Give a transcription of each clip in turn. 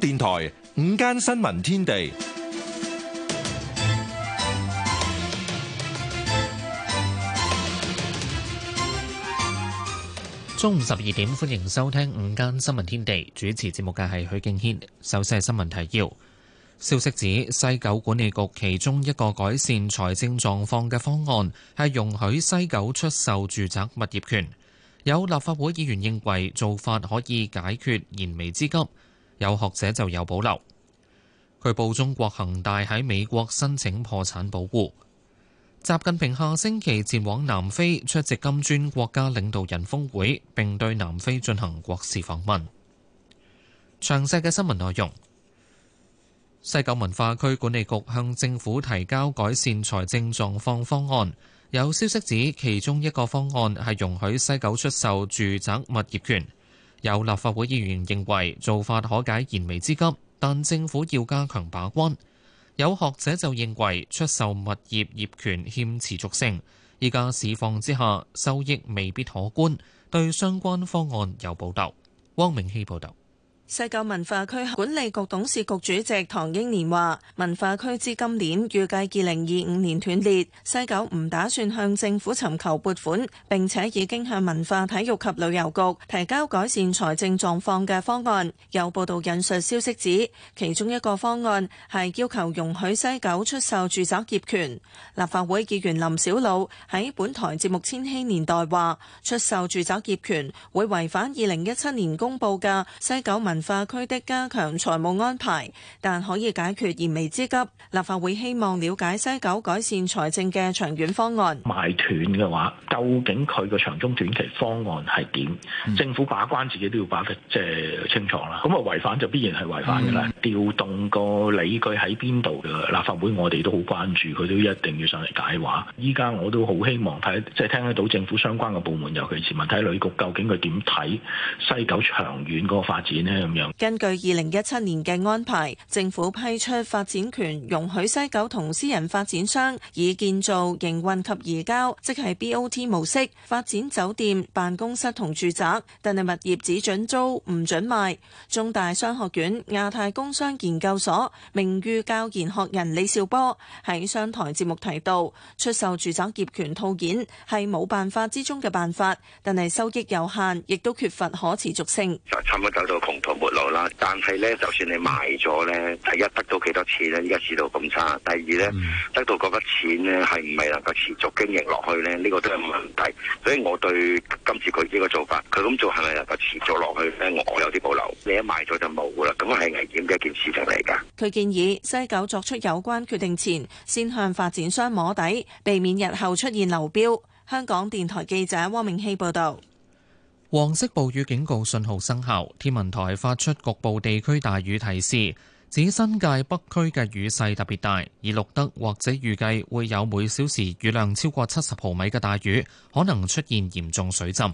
電台午間新聞天地，中午十二點，歡迎收聽午間新聞天地。主持節目嘅係許敬軒。首先係新聞提要，消息指西九管理局其中一個改善財政狀況嘅方案係容許西九出售住宅物業權。有立法會議員認為做法可以解決燃眉之急。有學者就有保留。據報中國恒大喺美國申請破產保護。習近平下星期前往南非出席金磚國家領導人峰會，並對南非進行國事訪問。詳細嘅新聞內容。西九文化區管理局向政府提交改善財政狀況方案，有消息指其中一個方案係容許西九出售住宅物業權。有立法會議員認為做法可解燃眉之急，但政府要加強把關。有學者就認為出售物業業權欠持續性，依家市況之下收益未必可觀，對相關方案有保留。汪明熙報道。西九文化區管理局董事局主席唐英年話：文化區資金鏈預計二零二五年斷裂，西九唔打算向政府尋求撥款，並且已經向文化、體育及旅遊局提交改善財政狀況嘅方案。有報道引述消息指，其中一個方案係要求容許西九出售住宅業權。立法會議員林筱魯喺本台節目《千禧年代》話：出售住宅業權會違反二零一七年公布嘅西九文。文化區的加強財務安排，但可以解決燃眉之急。立法會希望了解西九改善財政嘅長遠方案。賣斷嘅話，究竟佢個長中短期方案係點？嗯、政府把關自己都要把嘅，即係清楚啦。咁啊，違反就必然係違反㗎啦。調、嗯、動個理據喺邊度嘅？立法會，我哋都好關注，佢都一定要上嚟解話。依家我都好希望睇，即係聽得到政府相關嘅部門，尤其是文體旅局，究竟佢點睇西九長遠嗰個發展咧？根據二零一七年嘅安排，政府批出發展權，容許西九同私人發展商以建造、營運及移交，即係 BOT 模式發展酒店、辦公室同住宅，但係物業只準租唔準賣。中大商學院亞太工商研究所名譽教研學人李兆波喺商台節目提到，出售住宅業權套件係冇辦法之中嘅辦法，但係收益有限，亦都缺乏可持續性。沒落啦，但係咧，就算你賣咗咧，第一得到幾多錢咧？依家市道咁差，第二咧，得到嗰筆錢咧，係唔係能夠持續經營落去咧？呢個都係問題，所以我對今次佢呢個做法，佢咁做係咪能夠持續落去咧？我有啲保留。你一賣咗就冇噶啦，咁係危險嘅一件事情嚟噶。佢建議西九作出有關決定前，先向發展商摸底，避免日後出現流標。香港電台記者汪明希報道。黃色暴雨警告信號生效，天文台發出局部地區大雨提示，指新界北區嘅雨勢特別大，已錄得或者預計會有每小時雨量超過七十毫米嘅大雨，可能出現嚴重水浸。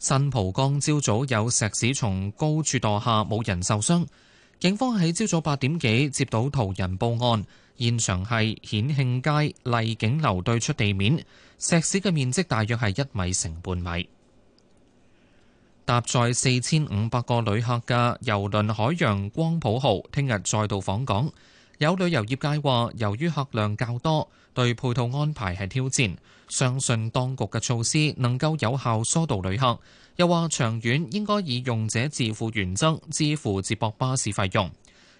新蒲崗朝早有石屎從高處墮下，冇人受傷。警方喺朝早八點幾接到途人報案，現場係顯慶街麗景樓對出地面，石屎嘅面積大約係一米乘半米。搭載四千五百個旅客嘅郵輪海洋光譜號，聽日再度訪港。有旅遊業界話，由於客量較多，對配套安排係挑戰。相信當局嘅措施能夠有效疏導旅客。又話長遠應該以用者自付原則支付接駁巴士費用。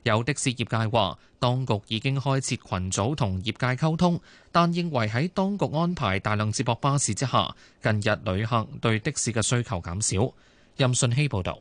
有的士業界話，當局已經開設群組同業界溝通，但認為喺當局安排大量接駁巴士之下，近日旅客對的士嘅需求減少。任信希報道，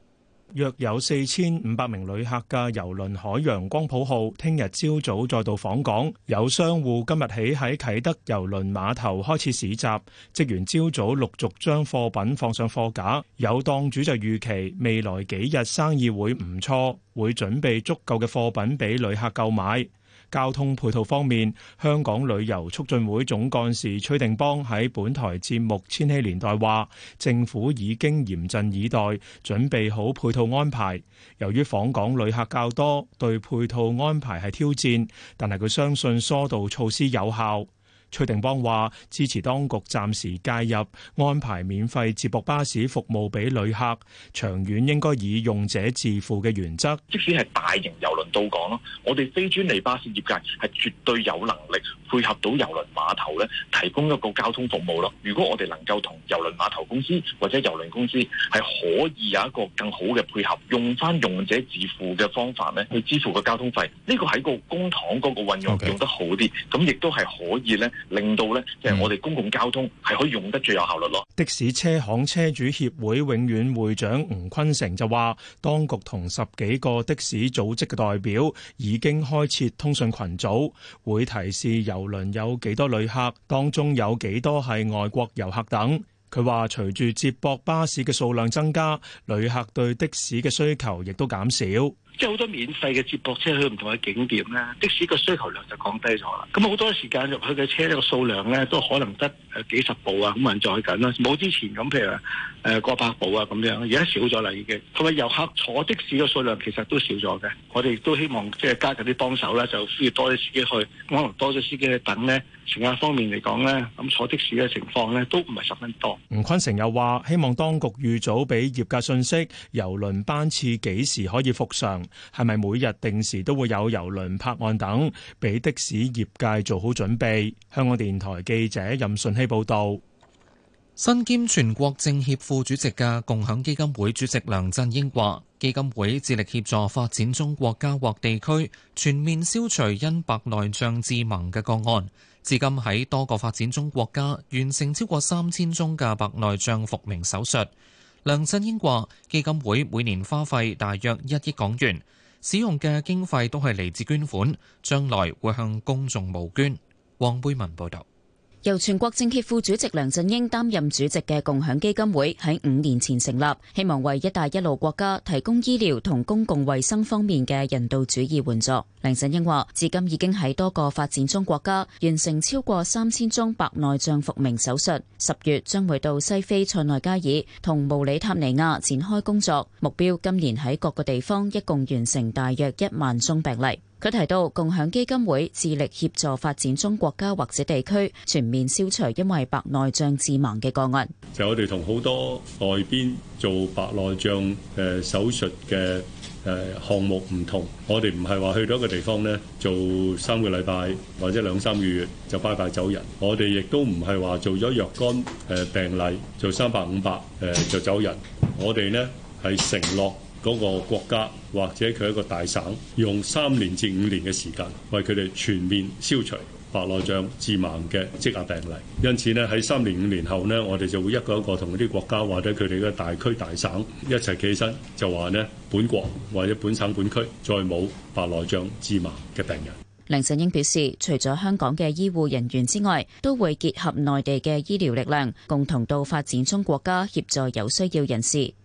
約有四千五百名旅客嘅郵輪海洋光譜號聽日朝早再度訪港。有商戶今日起喺啟德郵輪碼頭開始市集，職員朝早陸續將貨品放上貨架。有檔主就預期未來幾日生意會唔錯，會準備足夠嘅貨品俾旅客購買。交通配套方面，香港旅遊促進會總幹事崔定邦喺本台節目《千禧年代》話：政府已經嚴陣以待，準備好配套安排。由於訪港旅客較多，對配套安排係挑戰，但係佢相信疏導措施有效。崔定邦話支持當局暫時介入安排免費接駁巴士服務俾旅客，長遠應該以用者自付嘅原則，即使係大型郵輪到港咯，我哋非專利巴士業界係絕對有能力配合到郵輪碼頭咧，提供一個交通服務咯。如果我哋能夠同郵輪碼頭公司或者郵輪公司係可以有一個更好嘅配合，用翻用者自付嘅方法咧去支付個交通費，呢、這個喺個公帑嗰個運用 Okay. 用得好啲，咁亦都係可以咧。令到咧，即係我哋公共交通係可以用得最有效率咯，嗯。的士車行車主協會永遠會長吳坤成就話，當局同十幾個的士組織嘅代表已經開設通訊群組，會提示郵輪有幾多旅客，當中有幾多係外國遊客等。佢話隨住接駁巴士嘅數量增加，旅客對的士嘅需求亦都減少。即係好多免費嘅接駁車去唔同嘅景點咧，的士嘅需求量就降低咗啦。咁好多時間入去嘅車呢個數量咧，都可能得誒幾十部啊，咁多人載緊啦，冇之前咁，譬如誒過百部啊咁樣，而家少咗啦已經。同埋遊客坐的士嘅數量其實都少咗嘅，我哋亦都希望即係加緊啲幫手咧，就需要多啲司機去，可能多咗司機去等咧，其他方面嚟講咧，咁坐的士嘅情況咧都唔係十分多。吳坤成又話：希望當局預早俾業界信息，郵輪班次幾時可以復上。係咪每日定時都會有郵輪泊岸等，俾的士業界做好準備？香港電台記者任信希報導。身兼全國政協副主席嘅共享基金會主席梁振英話，基金會致力協助發展中國家或地區全面消除因白內障致盲嘅個案，至今喺多個發展中國家完成超過三千宗嘅白內障復明手術。梁振英話，基金會每年花費大約一億港元，使用嘅經費都係嚟自捐款，將來會向公眾募捐。黃貝文報道。由全國政協副主席梁振英擔任主席嘅共享基金會喺五年前成立，希望為“一帶一路”國家提供醫療同公共衛生方面嘅人道主義援助。梁振英話，至今已經喺多個發展中國家完成超過三千宗白內障復明手術，十月將會到西非塞內加爾同毛里塔尼亞展開工作，目標今年喺各個地方一共完成大約一萬宗病例。佢提到，共享基金會致力協助發展中國家或者地區全面消除因為白內障致盲嘅個案。就我哋同好多外邊做白內障誒手術嘅誒項目唔同，我哋唔係話去到一個地方咧做三個禮拜或者兩三個月就拜拜走人，我哋亦都唔係話做咗若干誒病例做三百五百誒就走人，我哋咧係承諾，嗰個國家或者佢一個大省，用三年至五年嘅時間，為佢哋全面消除白內障致盲嘅積壓病例。因此呢，喺三年五年後呢，我哋就會一個一個同嗰啲國家或者佢哋嘅大區大省一齊企身，就話呢：「本國或者本省本區再冇白內障致盲嘅病人。」梁振英表示，除咗香港嘅醫護人員之外，都會結合內地嘅醫療力量，共同到發展中國家協助有需要人士。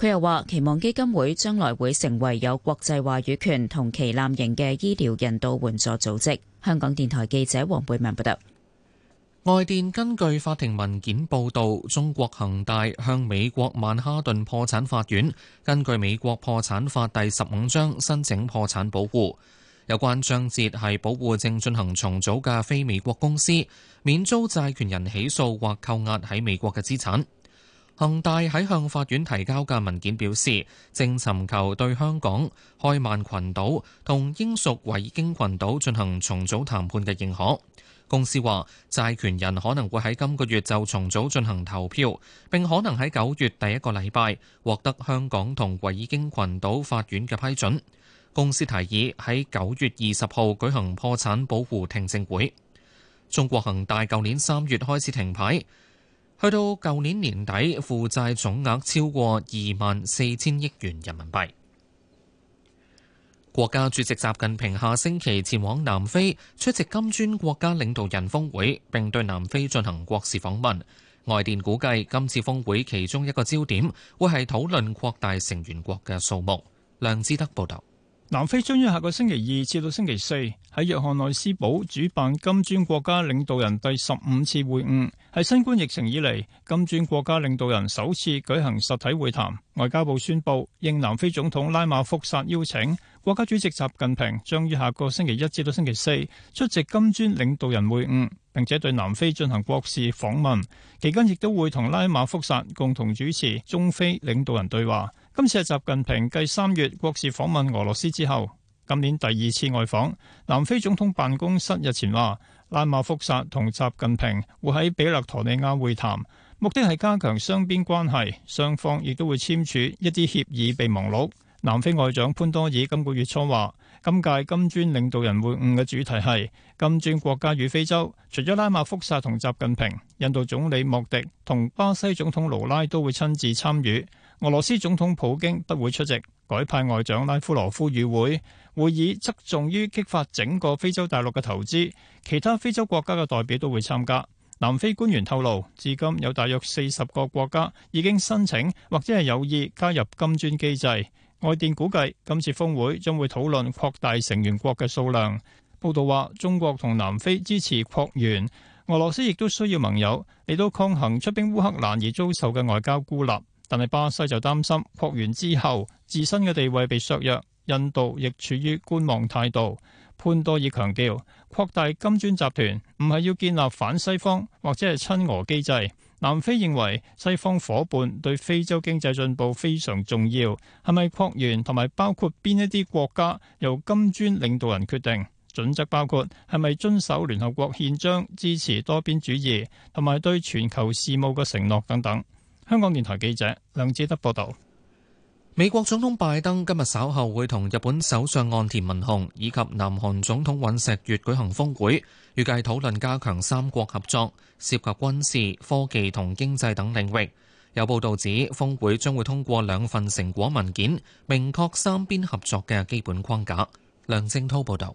佢又話：期望基金會將來會成為有國際話語權同旗艦型嘅醫療人道援助組織。香港電台記者黃貝文報道。外電根據法庭文件報道，中國恒大向美國曼哈頓破產法院根據美國破產法第十五章申請破產保護。有關章節係保護正進行重組嘅非美國公司免遭債權人起訴或扣押喺美國嘅資產。恒大喺向法院提交嘅文件表示，正尋求對香港開曼群島同英屬維京群島進行重組談判嘅認可。公司話，債權人可能會喺今個月就重組進行投票，並可能喺九月第一個禮拜獲得香港同維京群島法院嘅批准。公司提議喺九月二十號舉行破產保護聽證會，中國恒大舊年三月開始停牌。去到舊年年底，負債總額超過二萬四千億元人民幣。國家主席習近平下星期前往南非出席金磚國家領導人峰會，並對南非進行國事訪問。外電估計，今次峰會其中一個焦點會係討論擴大成員國嘅數目。梁志德報道，南非將於下個星期二至到星期四喺約翰內斯堡主辦金磚國家領導人第十五次會晤。係新冠疫情以嚟，金磚國家領導人首次舉行實體會談，外交部宣布，應南非總統拉馬福薩邀請，國家主席習近平將於下個星期一至到星期四出席金磚領導人會晤，並且對南非進行國事訪問。期間亦都會同拉馬福薩共同主持中非領導人對話，今次係習近平繼三月國事訪問俄羅斯之後，今年第二次外訪。南非總統辦公室日前話。拉馬福薩同習近平會喺比勒陀托尼亞會談，目的係加強雙邊關係，雙方亦都會簽署一啲協議備忘錄。南非外長潘多爾今個月初話，今屆金磚領導人會晤嘅主題係金磚國家與非洲。除咗拉馬福薩同習近平，印度總理莫迪同巴西總統盧拉都會親自參與。俄羅斯總統普京不會出席，改派外長拉夫羅夫與會。會議側重於激發整個非洲大陸嘅投資，其他非洲國家嘅代表都會參加。南非官員透露，至今有大約四十個國家已經申請或者係有意加入金磚機制。外電估計，今次峰會將會討論擴大成員國嘅數量。報道話，中國同南非支持擴員，俄羅斯亦都需要盟友嚟到抗衡出兵烏克蘭而遭受嘅外交孤立。但係巴西就擔心擴員之後自身嘅地位被削弱。印度亦處於觀望態度。潘多爾強調，擴大金磚集團唔係要建立反西方或者係親俄機制。南非認為西方夥伴對非洲經濟進步非常重要。係咪擴員同埋包括邊一啲國家由金磚領導人決定？準則包括係咪遵守聯合國憲章、支持多邊主義，同埋對全球事務嘅承諾等等。香港電台記者梁志德報道。美國總統拜登今日稍後會同日本首相岸田文雄以及南韓總統尹錫悅舉行峰會，預計討論加強三國合作，涉及軍事、科技同經濟等領域。有報道指，峰會將會通過兩份成果文件，明確三邊合作嘅基本框架。梁正濤報道。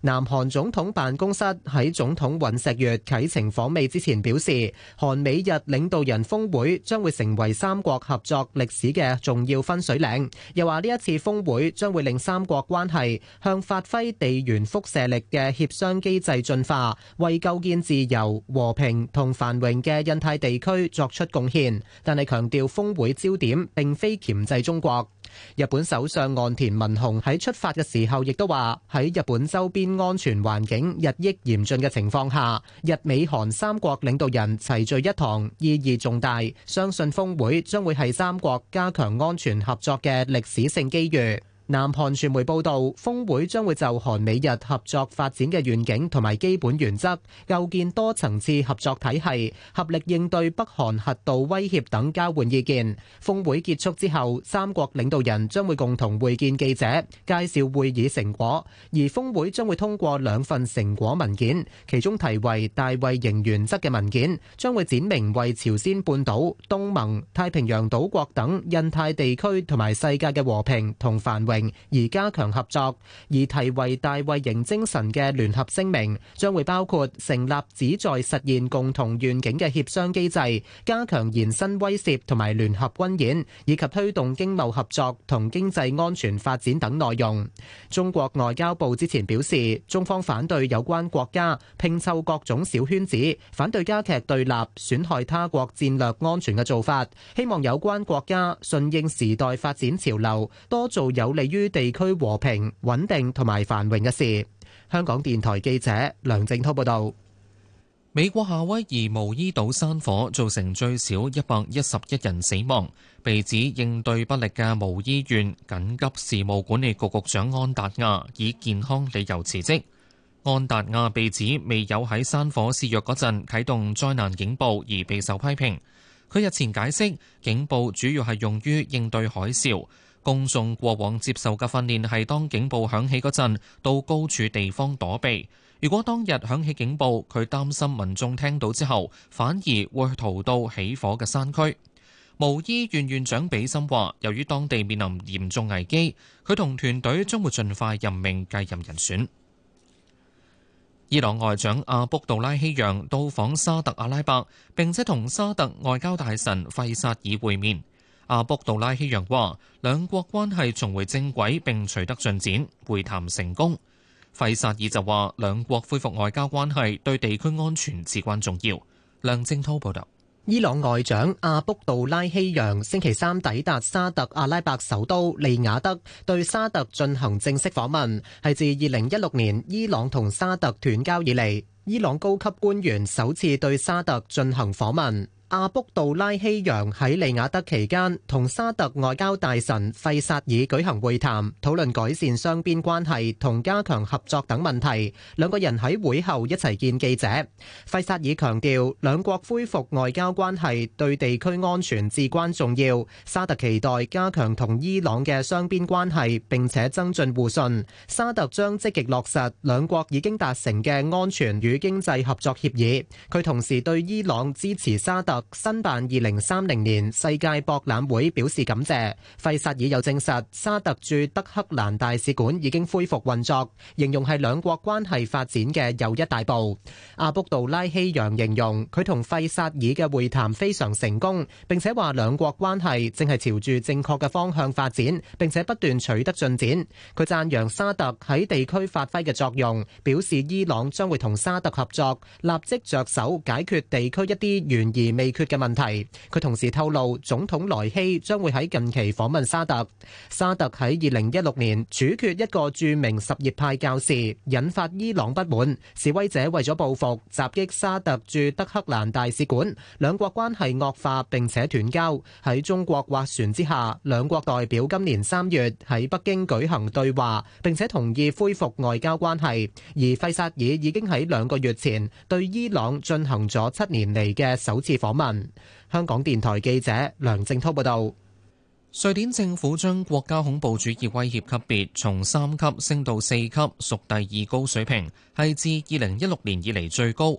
南韓總統辦公室喺總統尹錫悦啟程訪美之前表示，韓美日領導人峯會將會成為三國合作歷史嘅重要分水嶺。又話呢一次峯會將會令三國關係向發揮地緣輻射力嘅協商機制進化，為構建自由、和平同繁榮嘅印太地區作出貢獻。但係強調峯會焦點並非牽制中國。日本首相岸田文雄喺出發嘅時候，亦都話喺日本周邊安全環境日益嚴峻嘅情況下，日美韓三國領導人齊聚一堂，意義重大。相信峰會將會係三國加強安全合作嘅歷史性機遇。南韓傳媒報道，峯會將會就韓美日合作發展嘅願景同埋基本原則，構建多層次合作體系，合力應對北韓核導威脅等交換意見。峯會結束之後，三國領導人將會共同會見記者，介紹會議成果。而峯會將會通過兩份成果文件，其中題為大衛營原則嘅文件，將會展明為朝鮮半島、東盟、太平洋島國等印太地區同埋世界嘅和平同繁榮，而加強合作，而題為大衛營精神嘅聯合聲明將會包括成立旨在實現共同願景嘅協商機制，加強延伸威懾同埋聯合軍演，以及推動經貿合作同經濟安全發展等內容。中國外交部之前表示，中方反對有關國家拼湊各種小圈子，反對加劇對立、損害他國戰略安全嘅做法，希望有關國家順應時代發展潮流，多做有利於地區和平穩定同埋繁榮一事，香港電台記者梁正滔報導。美國夏威夷毛伊島山火造成最少一百一十一人死亡，被指應對不力嘅毛伊縣緊急事務管理局局長安達亞以健康理由辭職。安達亞被指未有喺山火肆虐嗰陣啟動災難警報而備受批評。佢日前解釋警報主要係用於應對海嘯。公眾過往接受嘅訓練係當警報響起嗰陣，到高處地方躲避。如果當日響起警報，佢擔心民眾聽到之後，反而會逃到起火嘅山區。毛伊醫院院長比森話，由於當地面臨嚴重危機，佢同團隊將會盡快任命繼任人選。伊朗外長阿卜杜拉希揚到訪沙特阿拉伯，並且同沙特外交大臣費薩爾會面。阿卜杜拉希揚話：兩國關係重回正軌並取得進展，會談成功。費薩爾就話：兩國恢復外交關係對地區安全至關重要。梁正濤報道。伊朗外長阿卜杜拉希揚星期三抵達沙特阿拉伯首都利雅得，對沙特進行正式訪問，係自二零一六年伊朗同沙特斷交以嚟，伊朗高級官員首次對沙特進行訪問。阿卜杜拉希揚喺利雅得期間同沙特外交大臣費薩爾舉行會談，討論改善雙邊關係同加強合作等問題，兩個人喺會後一齊見記者。費薩爾強調兩國恢復外交關係對地區安全至關重要。沙特期待加強同伊朗嘅雙邊關係，並且增進互信。沙特將積極落實兩國已經達成嘅安全與經濟合作協議，佢同時對伊朗支持沙特申辦二零三零年世界博覽會表示感謝。費薩爾又證實沙特駐德黑蘭大使館已經恢復運作，形容係兩國關係發展嘅又一大步。阿卜杜拉希揚形容佢同費薩爾嘅會談非常成功，並且話兩國關係正係朝住正確嘅方向發展，並且不斷取得進展。佢讚揚沙特喺地區發揮嘅作用，表示伊朗將會同沙特合作，立即着手解決地區一啲懸而未。未決嘅問題，佢同時透露，總統萊希將會喺近期訪問沙特。沙特喺二零一六年處決一個著名什葉派教士，引發伊朗不滿，示威者為咗報復襲擊沙特駐德黑蘭大使館，兩國關係惡化並且斷交。喺中國斡旋之下，兩國代表今年三月喺北京舉行對話，並且同意恢復外交關係。而費薩爾已經喺兩個月前對伊朗進行咗七年嚟嘅首次訪問。香港電台記者梁正濤報道，瑞典政府將國家恐怖主義威脅級別從三級升到四級屬第二高水平，係自二零一六年以嚟最高。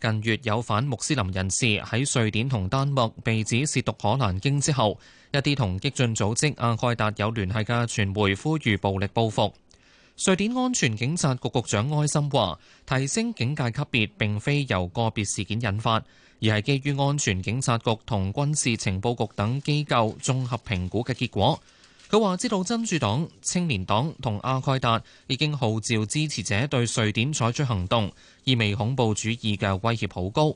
近月有反穆斯林人士喺瑞典同丹麥被指涉毒可蘭經之後，一啲同激進組織阿蓋達有聯繫嘅傳媒呼籲暴力報復。瑞典安全警察局局長埃森話：提升警戒級別並非由個別事件引發。而係基於安全警察局同軍事情報局等機構綜合評估嘅結果。佢話知道真主黨、青年黨同阿蓋達已經號召支持者對瑞典採取行動，意味恐怖主義嘅威脅好高。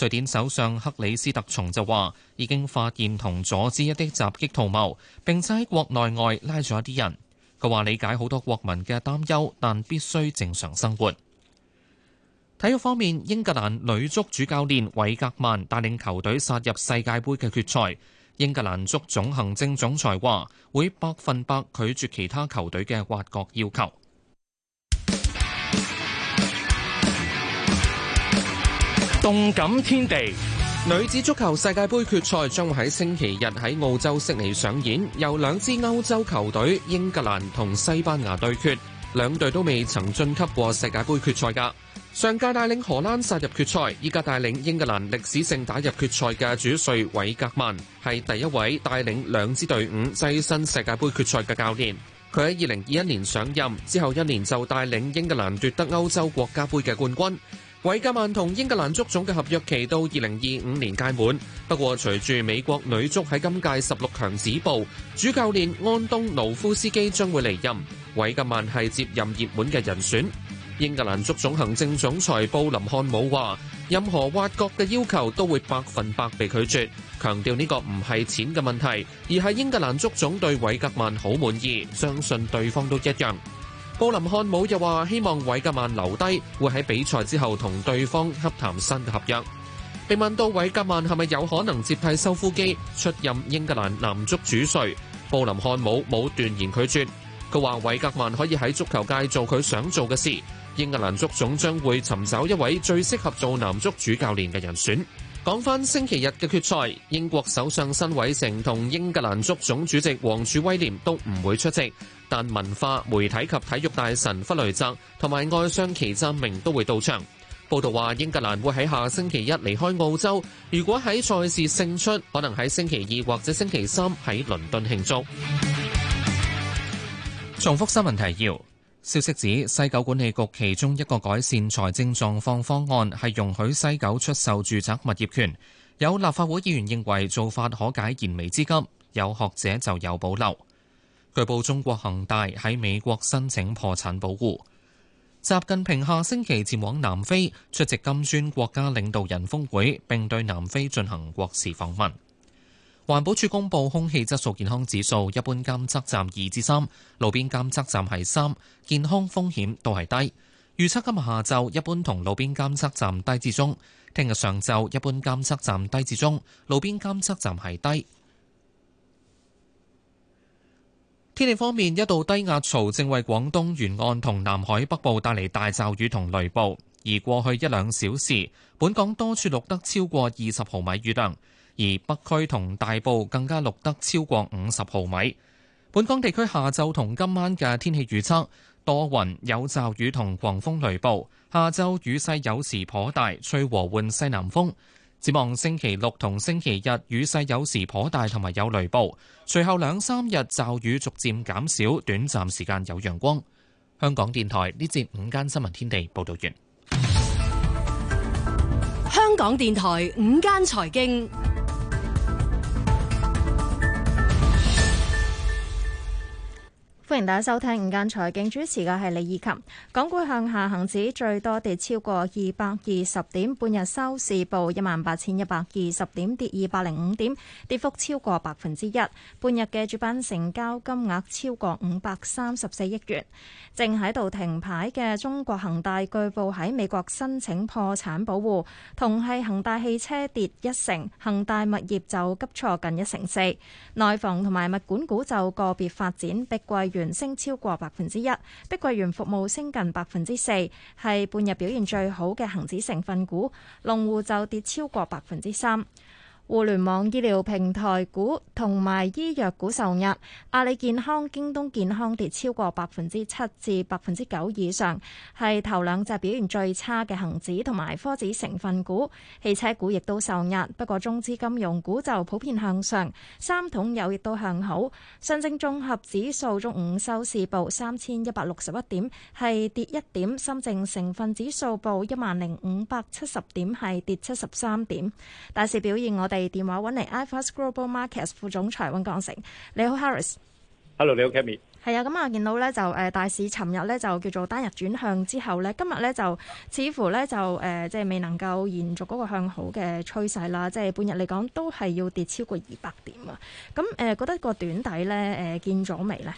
瑞典首相克里斯特松就話已經發現同阻止一啲襲擊圖謀，並且喺國內外拉咗一啲人。佢話理解好多國民嘅擔憂，但必須正常生活。體育方面，英格蘭女足主教練韋格曼帶領球隊殺入世界杯嘅決賽。英格蘭足總行政總裁話會百分百拒絕其他球隊嘅挖角要求。動感天地。女子足球世界杯決賽將會喺星期日喺澳洲悉尼上演，由兩支歐洲球隊英格蘭同西班牙對決。兩隊都未曾晉級過世界杯決賽噶。上屆帶領荷蘭殺入決賽，依家帶領英格蘭歷史性打入決賽嘅主帥韋格曼係第一位帶領兩支隊伍躋身世界杯決賽嘅教練。佢喺2021年上任之後一年就帶領英格蘭奪得歐洲國家杯嘅冠軍。韋格曼同英格蘭足總嘅合約期到2025年屆滿。不過，隨住美國女足喺今屆十六強止步，主教練安東奴夫斯基將會離任。韋格曼係接任熱門嘅人選。英格蘭足總行政總裁布林漢姆話：任何挖角嘅要求都會百分百被拒絕，強調呢個唔係錢嘅問題，而係英格蘭足總對韋格曼好滿意，相信對方都一樣。布林漢姆又話：希望韋格曼留低，會喺比賽之後同對方洽談新嘅合約。被問到韋格曼係咪有可能接替修夫基出任英格蘭男足主帥，布林漢姆冇斷言拒絕。佢話：維格曼可以喺足球界做佢想做嘅事。英格蘭足總將會尋找一位最適合做男足主教練嘅人選。講翻星期日嘅決賽，英國首相辛偉誠同英格蘭足總主席王儲威廉都唔會出席，但文化媒體及體育大臣弗雷澤同埋外相祈湛明都會到場。報道話英格蘭會喺下星期一離開澳洲，如果喺賽事勝出，可能喺星期二或者星期三喺倫敦慶祝。重複新聞提要。消息指西九管理局其中一個改善財政狀況方案係容許西九出售住宅物業權。有立法會議員認為做法可解燃眉之急，有學者就有保留。據報中國恒大喺美國申請破產保護。習近平下星期前往南非出席金磚國家領導人峰會，並對南非進行國事訪問。環保署公布空氣質素健康指數，一般監測站二至三，路邊監測站係三，健康風險都係低。預測今日下晝一般同路邊監測站低至中，聽日上晝一般監測站低至中，路邊監測站係低。天氣方面，一道低壓槽正為廣東沿岸同南海北部帶嚟大驟雨同雷暴，而過去一兩小時，本港多處錄得超過二十毫米雨量。而北區同大埔更加錄得超過五十毫米。本港地區下晝同今晚嘅天氣預測，多雲，有驟雨同狂風雷暴。下晝雨勢有時頗大，吹和緩西南風。展望星期六同星期日，雨勢有時頗大，同埋有雷暴。隨後兩三日驟雨逐漸減，減少，短暫時間有陽光。香港電台呢節午間新聞天地報導完。香港電台午間財經。歡迎大家收聽午間財經，主持嘅係李綺琴。港股向下行，恒指最多跌超過二百二十點，半日收市報一萬八千一百二十點，跌二百零五點，跌幅超過百分之一。半日嘅主板成交金額超過五百三十四億元。正喺度停牌嘅中國恒大，據報喺美國申請破產保護。同係恒大汽車跌一成，恒大物業就急挫近一成四。內房同埋物管股就個別發展，碧桂原升超過百分之一，碧桂園服務升近百分之四，係半日表現最好嘅恒指成分股。龍湖就跌超過百分之三。互聯網醫療平台股同埋醫藥股受壓，阿里健康、京東健康跌超過百分之七至百分之九以上，係頭兩隻表現最差嘅恒指同埋科指成分股。汽車股亦都受壓，不過中資金融股就普遍向上，三桶油亦都向好。上證綜合指數中午收市報三千一百六十一點，係跌一點；深證成分指數報一萬零五百七十點，係跌七十三點。大市表現我哋。係電話搵嚟，iFAST Global Markets 副總裁温鋼成，你好，Harris，Hello，你好，Kami，係啊，咁啊，見到咧就誒，大市尋日咧就叫做單日轉向之後咧，今日咧就似乎咧就誒、呃，即係未能夠延續嗰個向好嘅趨勢啦，即係半日嚟講都係要跌超過二百點啊，咁誒、呃，覺得個短底咧誒，見咗未咧？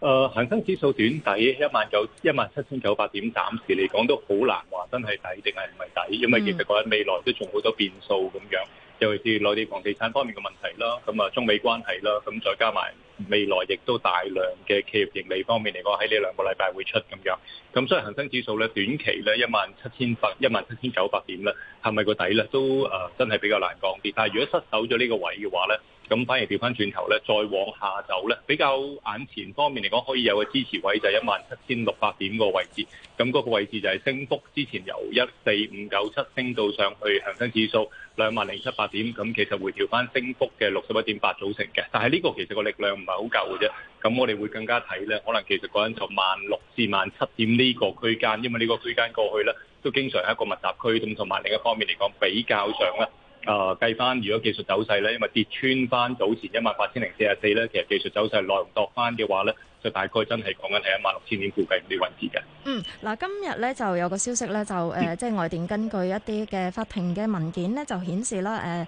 誒、呃，恆生指數短底一萬九一萬七千九百點，暫時嚟講都好難話真係底定係唔係底，因為其實覺得未來都仲好多變數咁樣，尤其似內地房地產方面嘅問題啦，咁啊中美關係啦，咁再加埋未來亦都大量嘅企業盈利方面嚟講，喺呢兩個禮拜會出咁樣，咁所以恒生指數咧短期咧一萬七千八一萬七千九百點咧係咪個底咧都誒、呃、真係比較難講啲，但係如果失守咗呢個位嘅話咧。咁反而調翻轉頭咧，再往下走咧，比較眼前方面嚟講，可以有個支持位就係一萬七千六百點個位置。咁、那、嗰個位置就係升幅之前由一四五九七升到上去，恆生指數兩萬零七百點。咁其實會回調翻升幅嘅六十一點八組成嘅。但係呢個其實個力量唔係好夠嘅啫。咁我哋會更加睇咧，可能其實講緊就萬六至萬七點呢個區間，因為呢個區間過去咧都經常係一個密集區。咁同埋另一方面嚟講，比較上誒、呃、計翻，如果技術走勢咧，因為跌穿翻早前一萬八千零四十四咧，其實技術走勢量度翻嘅話咧。大概真係講緊係一萬六千點，附近啲位置嘅。嗯，嗱，今日咧就有個消息咧，就、呃、即係外電根據一啲嘅法庭嘅文件咧，就顯示啦，誒、呃、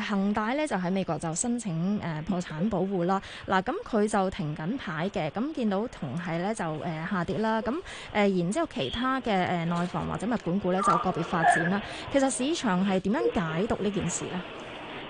誒，恒大咧就喺美國就申請、呃、破產保護啦。嗱、呃，咁佢就停緊牌嘅，咁見到同係咧就、呃、下跌啦。咁誒、呃，然之後其他嘅誒內房或者物管股咧就個別發展啦。其實市場係點樣解讀呢件事呢？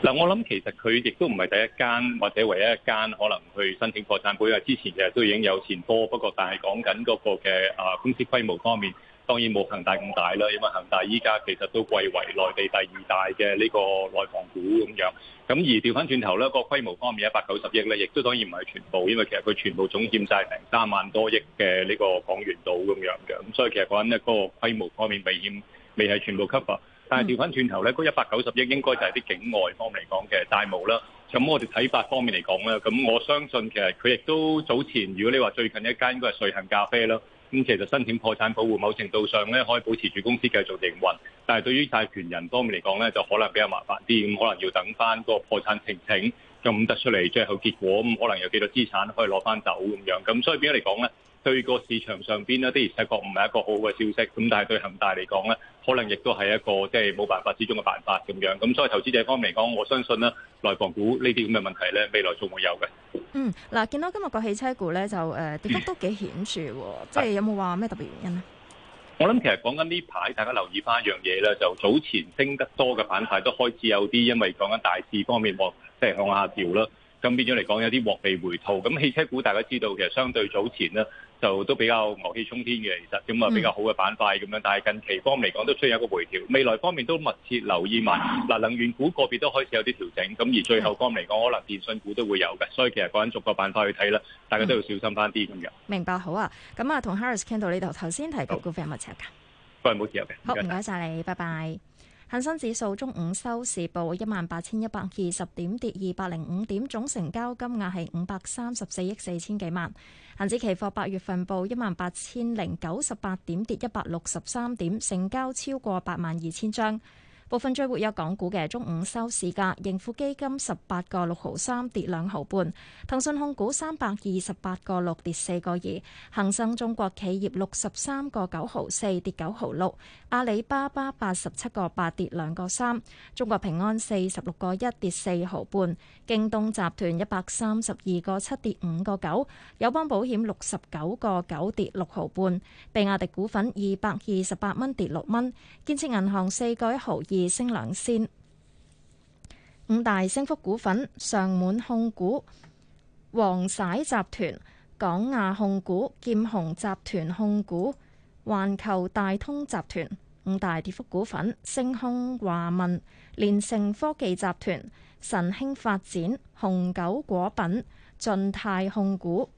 嗱，我諗其實佢亦都唔係第一間或者唯一一間可能去申請破產，因為之前其實都已經有前科，不過但係講緊嗰個嘅啊公司規模方面，當然冇恒大咁大啦，因為恒大依家其實都貴為內地第二大嘅呢個內房股咁樣。咁而調翻轉頭咧，個規模方面一百九十億咧，亦都當然唔係全部，因為其實佢全部總佔晒成三萬多億嘅呢個港元度咁樣嘅。咁所以其實講緊，嗰個規模方面，危險未係全部 cover。但係調翻轉頭咧，嗰一百九十億應該就係啲境外方面嚟講嘅債務啦。咁我哋睇法方面嚟講咧，咁我相信其實佢亦都早前，如果你話最近一間應該係瑞幸咖啡啦。咁其實申請破產保護，某程度上咧可以保持住公司繼續營運。但係對於債權人方面嚟講咧，就可能比較麻煩啲，咁可能要等翻個破產庭庭咁得出嚟最後結果，咁可能有幾多資產可以攞翻走咁樣。咁所以變咗嚟講咧，對個市場上邊呢，的而且確唔係一個好好嘅消息。咁但係對恒大嚟講呢，可能亦都係一個即係冇辦法之中嘅辦法咁樣。咁所以投資者方面嚟講，我相信呢內房股呢啲咁嘅問題呢，未來仲會有嘅。嗯，嗱，見到今日個汽車股呢，就誒、呃、跌得都幾顯著，即係有冇話咩特別原因呢？啊、我諗其實講緊呢排，大家留意翻一樣嘢咧，就早前升得多嘅板塊都開始有啲，因為講緊大市方面即係向下調啦。咁變咗嚟講有啲獲利回吐，咁汽車股大家知道其實相對早前呢，就都比較牛氣沖天嘅，其實咁啊比較好嘅板塊咁樣，但係近期方面嚟講都出現一個回調。未來方面都密切留意埋，嗱能源股個別都開始有啲調整，咁而最後方面嚟講可能電信股都會有嘅，所以其實個人逐個板塊去睇啦，大家都要小心翻啲咁樣。明白好啊，咁啊同 Harris 傾到呢度，頭先提過股費密冇噶。各位，唔好自由嘅。好，唔該晒你，拜拜。恒生指數中午收市報一萬八千一百二十點，跌二百零五點，總成交金額係五百三十四億四千幾萬。恒指期貨八月份報一萬八千零九十八點，跌一百六十三點，成交超過八萬二千張。部分追活有港股嘅中午收市價，盈富基金十八個六毫三跌兩毫半，騰訊控股三百二十八個六跌四個二，恒生中國企業六十三個九毫四跌九毫六，阿里巴巴八十七個八跌兩個三，中國平安四十六個一跌四毫半，京東集團一百三十二個七跌五個九，友邦保險六十九個九跌六毫半，比亞迪股份二百二十八蚊跌六蚊，建設銀行四個一毫二。升兩仙，五大升幅股份：上滿控股、皇璽集團、港亞控股、劍虹集團控股、環球大通集團；五大跌幅股份：星空華文、聯盛科技集團、神興發展、洪九果品、駿泰控股。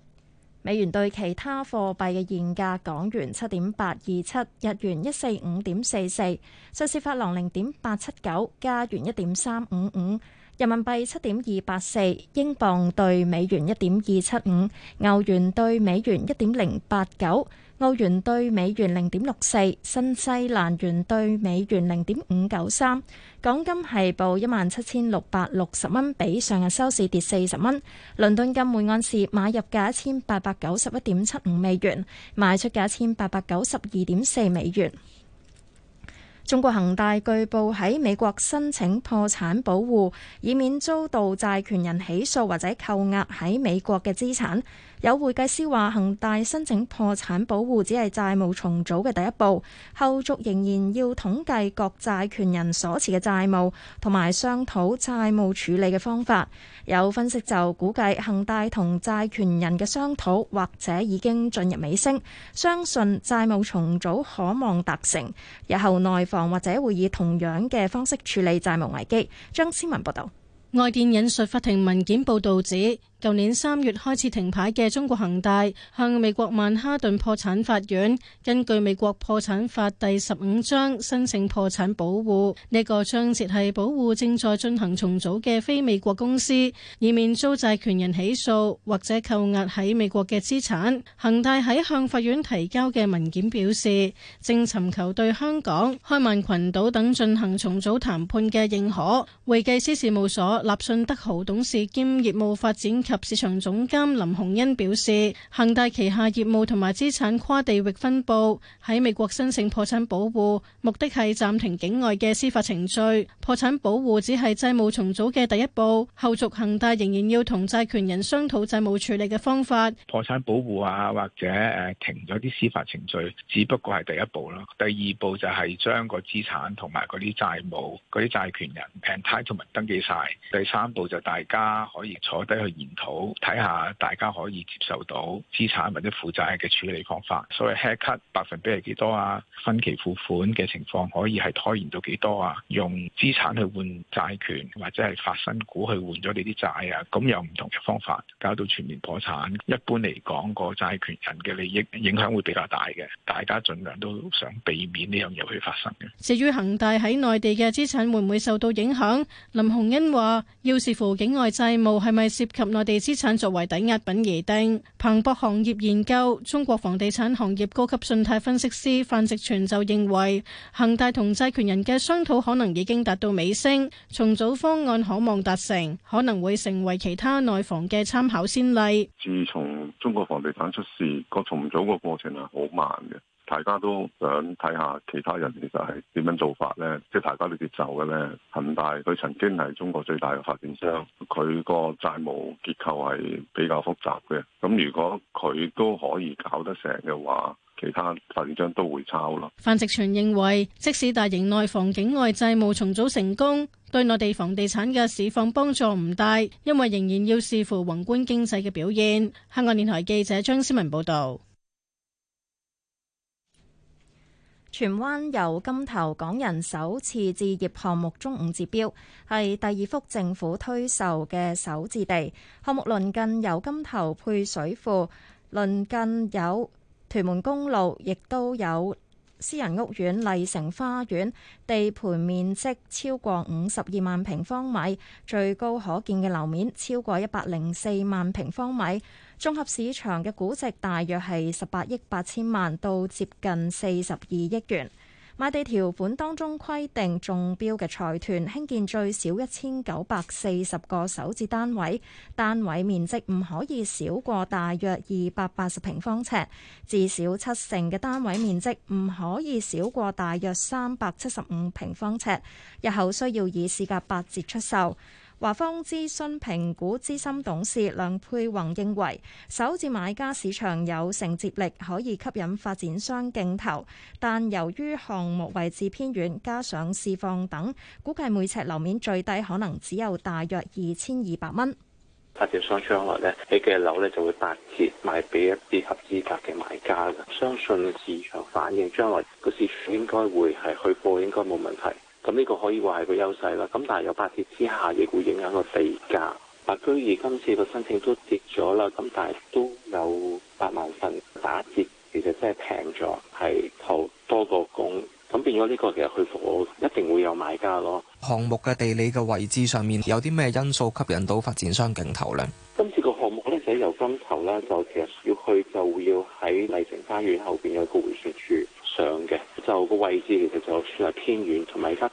美元兌其他貨幣嘅現價：港元七點八二七，日元一四五點四四，瑞士法郎零點八七九，加元一點三五五，人民幣七點二八四，英鎊對美元一點二七五，歐元對美元一點零八九。澳元兌美元零點六四，新西蘭元兌美元零點五九三，港金係報一萬七千六百六十蚊，比上日收市跌四十蚊。倫敦金每安士買入價一千八百九十一點七五美元，賣出價一千八百九十二點四美元。中國恒大據報喺美國申請破產保護，以免遭到債權人起訴或者扣押喺美國嘅資產。有會計師話：恒大申請破產保護只係債務重組嘅第一步，後續仍然要統計各債權人所持嘅債務，同埋商討債務處理嘅方法。有分析就估計恒大同債權人嘅商討或者已經進入尾聲，相信債務重組可望達成。日後內房或者會以同樣嘅方式處理債務危機。張思文報道。外電引述法庭文件報道指，舊年三月開始停牌嘅中國恒大向美國曼哈頓破產法院，根據美國破產法第十五章，申請破產保護。呢個章節係保護正在進行重組嘅非美國公司，以免遭債權人起訴或者扣押喺美國嘅資產。恒大喺向法院提交嘅文件表示，正尋求對香港、開曼群島等進行重組談判嘅認可。會計師事務所立信德豪董事兼業務發展。及市場總監林洪恩表示，恒大旗下業務同埋資產跨地域分布，喺美國申請破產保護目的係暫停境外嘅司法程序。破產保護只係債務重組嘅第一步，後續恒大仍然要同債權人商討債務處理嘅方法。破產保護啊，或者誒停咗啲司法程序，只不過係第一步啦。第二步就係將個資產同埋嗰啲債務啲債權人，平 n 同埋登記晒，第三步就是大家可以坐低去研。好睇下大家可以接受到資產或者負債嘅處理方法，所謂 haircut 百分比係幾多啊？分期付款嘅情況可以係拖延到幾多啊？用資產去換債權或者係發新股去換咗你啲債啊？咁有唔同嘅方法，搞到全面破產，一般嚟講個債權人嘅利益影響會比較大嘅，大家盡量都想避免呢樣嘢去發生嘅。至於恒大喺內地嘅資產會唔會受到影響？林鴻恩話：要視乎境外債務係咪涉及內地資產作為抵押品而定。彭博行業研究中國房地產行業高級信貸分析師范植全就認為，恒大同債權人嘅商討可能已經達到尾聲，重組方案可望達成，可能會成為其他內房嘅參考先例。自從中國房地產出事，個重組個過程係好慢嘅。大家都想睇下其他人其實係點樣做法咧，即係大家啲節奏嘅咧。恒大佢曾經係中國最大嘅發展商，佢個債務結構係比較複雜嘅。咁如果佢都可以搞得成嘅話，其他發展商都會抄啦。范植全認為，即使大型內房境外債務重組成功，對內地房地產嘅市況幫助唔大，因為仍然要視乎宏觀經濟嘅表現。香港電台記者張思文報道。荃灣油柑頭港人首次置業項目中午截標，係第二幅政府推售嘅首置地。項目鄰近油柑頭配水庫，鄰近有屯門公路，亦都有私人屋苑麗城花園。地盤面積超過五十二萬平方米，最高可見嘅樓面超過一百零四萬平方米。綜合市場嘅估值大約係十八億八千萬到接近四十二億元。賣地條款當中規定，中標嘅財團興建最少一千九百四十個首置單位，單位面積唔可以少過大約二百八十平方尺，至少七成嘅單位面積唔可以少過大約三百七十五平方尺。日後需要以市價八折出售。華方諮詢評估資深董事梁佩宏認為，首置買家市場有承接力，可以吸引發展商競投，但由於項目位置偏遠，加上市況等，估計每尺樓面最低可能只有大約二千二百蚊。發展商將來呢，你嘅樓呢就會八折賣俾一啲合資格嘅買家嘅，相信市場反應將來個市場應該會係去貨，應該冇問題。咁呢個可以話係個優勢啦。咁但係有八折之下，亦會影響個地價。居然今次個申請都跌咗啦。咁但係都有八萬份打折，其實真係平咗，係投多個供。咁變咗呢個其實佢一定會有買家咯。項目嘅地理嘅位置上面有啲咩因素吸引到發展商競投呢？今次個項目咧就係由今頭啦就其實要去就要喺麗城花園後面有個回旋。位置其實就算係偏遠，同埋而家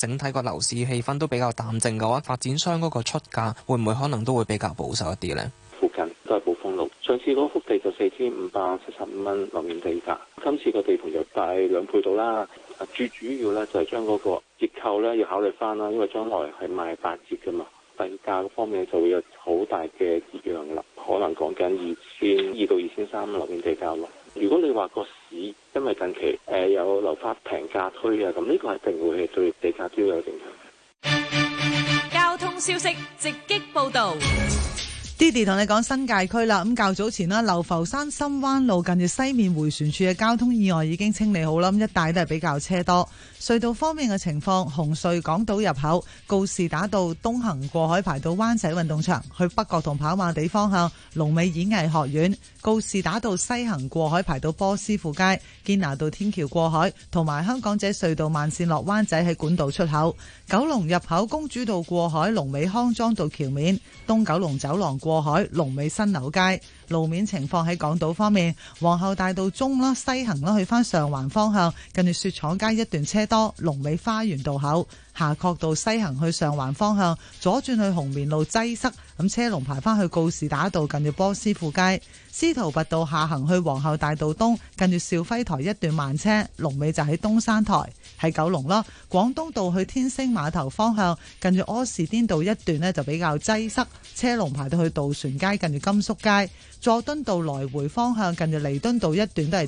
整體個樓市氣氛都比較淡靜嘅話，發展商嗰個出價會唔會可能都會比較保守一啲呢？附近都係寶豐路，上次嗰幅地就四千五百七十五蚊樓面地價，今次個地盤就大兩倍到啦。最主要咧就係將嗰個折扣咧要考慮翻啦，因為將來係賣八折嘅嘛，地價嘅方面就會有。d i d y 同你講新界區啦，咁較早前啦，流浮山深灣路近住西面回旋處嘅交通意外已經清理好啦，咁一帶都係比較車多。隧道方面嘅情況，紅隧港島入口、告士打道東行過海排到灣仔運動場去北角同跑馬地方向、龍尾演藝學院。告士打道西行過海，排到波斯富街；堅拿道天橋過海，同埋香港仔隧道慢線落灣仔喺管道出口；九龍入口公主道過海，龍尾康莊道橋面；東九龍走廊過海，龍尾新樓街。路面情況喺港島方面，皇后大道中啦，西行啦，去翻上環方向，近住雪廠街一段車多，龍尾花園道口，下角道西行去上環方向，左轉去紅棉路擠塞，咁車龍排翻去告士打道，近住波斯富街，司徒拔道下行去皇后大道東，近住肇輝台一段慢車，龍尾就喺東山台，喺九龍啦。廣東道去天星碼頭方向，近住柯士甸道一段呢，就比較擠塞，車龍排到去渡船街，近住甘肅街。佐敦道來回方向，近住彌敦道一段都係